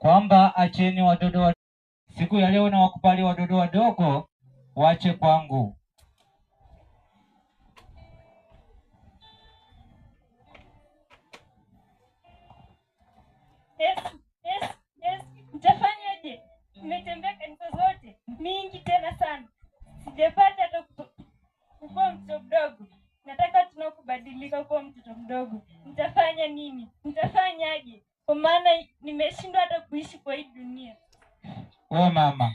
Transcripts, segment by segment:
kwamba acheni watoto wa siku ya leo na wakubali wadodo wadogo wache kwangu. Yesu, Yesu, Yesu, nitafanyaje? Nimetembea kanisa zote mingi tena sana, sijapata hata kukuwa mtoto mdogo. Nataka tuna kubadilika kuwa mtoto mdogo. Nitafanya nini? Nitafanyaje? kwa maana nimeshindwa hata kuishi kwa hii dunia. We mama,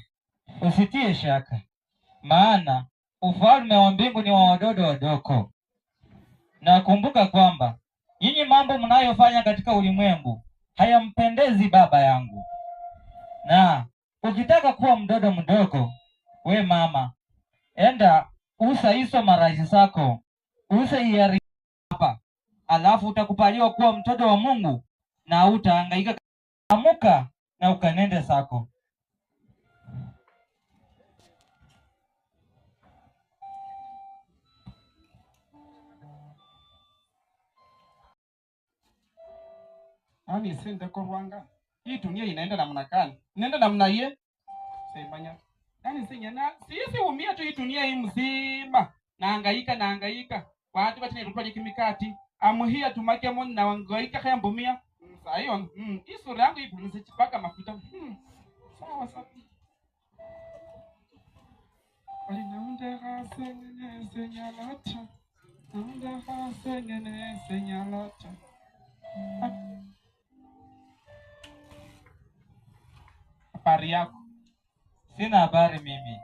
usitie shaka, maana ufalme wa mbingu ni wa wadodo wadogo, nakumbuka kwamba nyinyi mambo mnayofanya katika ulimwengu hayampendezi Baba yangu. Na ukitaka kuwa mdodo mdogo, we mama, enda usa hizo marashi zako, usa hapa, alafu utakupaliwa kuwa mtoto wa Mungu na utaangaika. Amuka na ukanende zako. Ani sende korwanga. Hii dunia inaenda namna gani? Inaenda namna hiye? semanya Yaani sinya na sisi umia tu hii dunia hii mzima. Nahangaika nahangaika. Watu ni nitupaje kimikati. Amuhia tumake mon na wangaika kaya mbumia sasa hiyo mm, hii sura yangu hii nisichipaka mafuta mm, sawa sawa ainaundehasengenesenyalata aundehasengenesenyalata habari yako sina habari mimi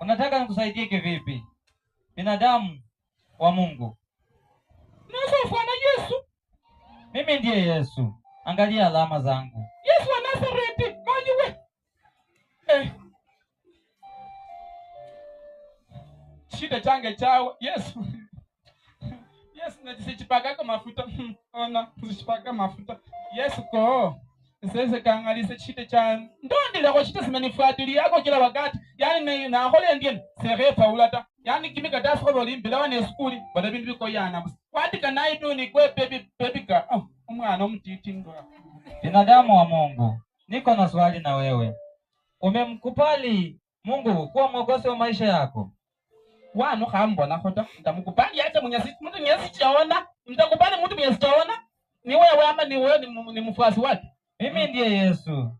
unataka nikusaidie kivipi binadamu wa mungu nasofuana mimi ndiye Yesu, angalia alama zangu. Yesu wa Nazareti, mwenyewe eh. Shida change chao Yesu Yesu, najisichipakako mafuta hmm, ona, usipaka mafuta Yesu koo nsese kangalise chite chanu ndondileko chite yako kila wakati yani nakhole ndiyeni sekhephawula ta yani kimi katasikhola olimbilawa nesukuli vala bintu bikoyana busa kwatika naituni kwe ka oh, umwana omutiti ngoa binadamu wa mungu niko na swali na wewe umemkupali mungu kuwa mwokozi wa maisha yako wanu khambonakho ta ndamukupali acha mwenyezi chaona mtakupali mtu mwenyezi chaona ni wewe ama ni wewe ni, ni mfuasi wake mimi ndiye Yesu,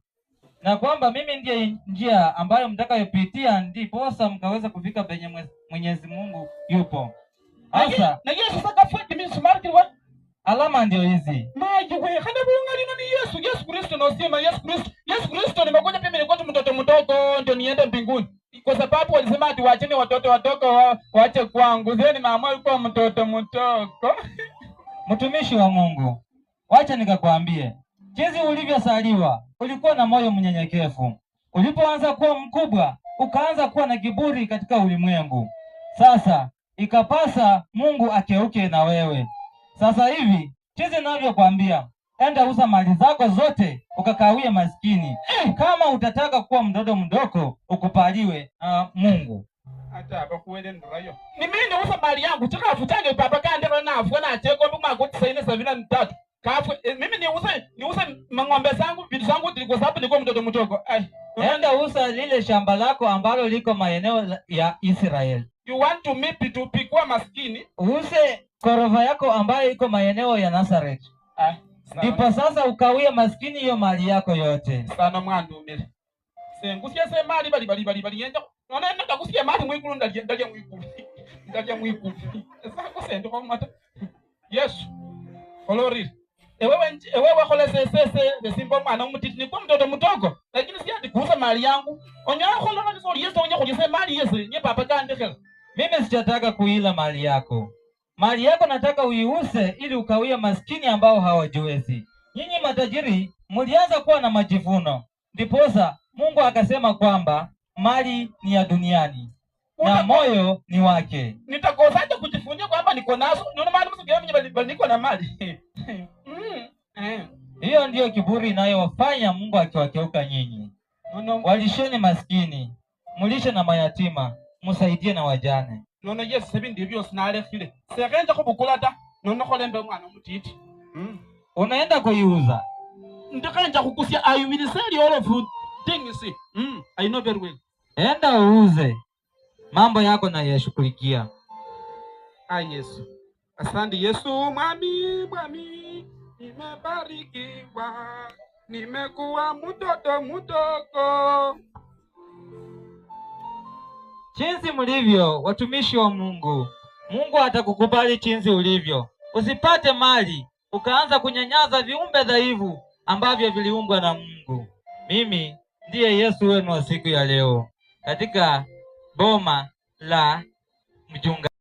na kwamba mimi ndiye njia ambayo mtakayopitia ndiposa mkaweza kufika penye Mwenyezi Mungu yupo. Asa na Yesu sakafuti mimi smart wa alama ndio hizi maji we hana bunga lino ni Yesu Yesu Kristo na usema Yesu Kristo Yesu Kristo magonjwa pia ni kwa mtoto mdogo ndio niende mbinguni kwa sababu walisema ati waacheni watoto wadogo waache kwangu. Zeni mama alikuwa mtoto mdogo mtumishi wa Mungu, wacha nikakwambie Jinsi ulivyosaliwa ulikuwa na moyo mnyenyekevu. Ulipoanza kuwa mkubwa, ukaanza kuwa na kiburi katika ulimwengu. Sasa ikapasa Mungu akeuke na wewe. Sasa hivi jinsi ninavyokwambia, enda uza mali zako zote ukakawie maskini, kama utataka kuwa mdodo mdogo ukupaliwe na ah, Mungu. Ata Mimi ni mali yangu chakafu change papaka afuwa na ateko mbuma kuti sabina mtatu Kafu, eh, mimi niuze niuze mang'ombe zangu vitu zangu kwa sababu nilikuwa mtoto mdogo. Eh, eh. Enda uza lile shamba lako ambalo liko maeneo ya Israel. You want to meet to pikuwa maskini? Uze korova yako ambayo iko maeneo ya Nazareth. Ah. Ndipo sasa ukawie maskini hiyo mali yako yote. Sana mwandu mbele. Sengusia se mali bali bali bali bali yenda. Naona enda kusikia mali mwikulu ndalia ndalia mwikulu. Ndalia mwikulu. Sasa kwa kwa mata. Yesu. Kolori ewewe eh, ewewe eh, khola sesese sesimba mwana mutiti nikwo mtoto mutoko lakini si ati kuuza mali yangu onyala khola sori yesu onye khulisa mali yesu nye papa kandekhela mimi sijataka kuila mali yako mali yako nataka uiuse ili ukawia maskini ambao hawajiwezi nyinyi matajiri mulianza kuwa na majivuno ndiposa mungu akasema kwamba mali ni ya duniani na moyo ni wake nitakosaje kujifunia kwamba niko nazo ndio maana msikia mwenye baliko na mali Hiyo ndiyo kiburi inayowafanya Mungu akiwakeuka nyinyi. Walisheni maskini, mulishe na mayatima, musaidie na wajane. nono Yesu ebindi byosi nalekhile sekhenja khubukula ta nono kholembe mwana mutiti mm. unaenda kuiuza ndikhenja khukusya I will sell all of things mm. I know very well. Enda uuze mambo yako na yashughulikia. Ah, Yesu asandi Yesu mwami mwami nimebarikiwa, nimekuwa mtoto mtoko. Jinsi mlivyo watumishi wa Mungu, Mungu atakukubali jinsi ulivyo. Usipate mali ukaanza kunyanyaza viumbe dhaifu ambavyo viliumbwa na Mungu. Mimi ndiye Yesu wenu wa siku ya leo katika boma la mjunga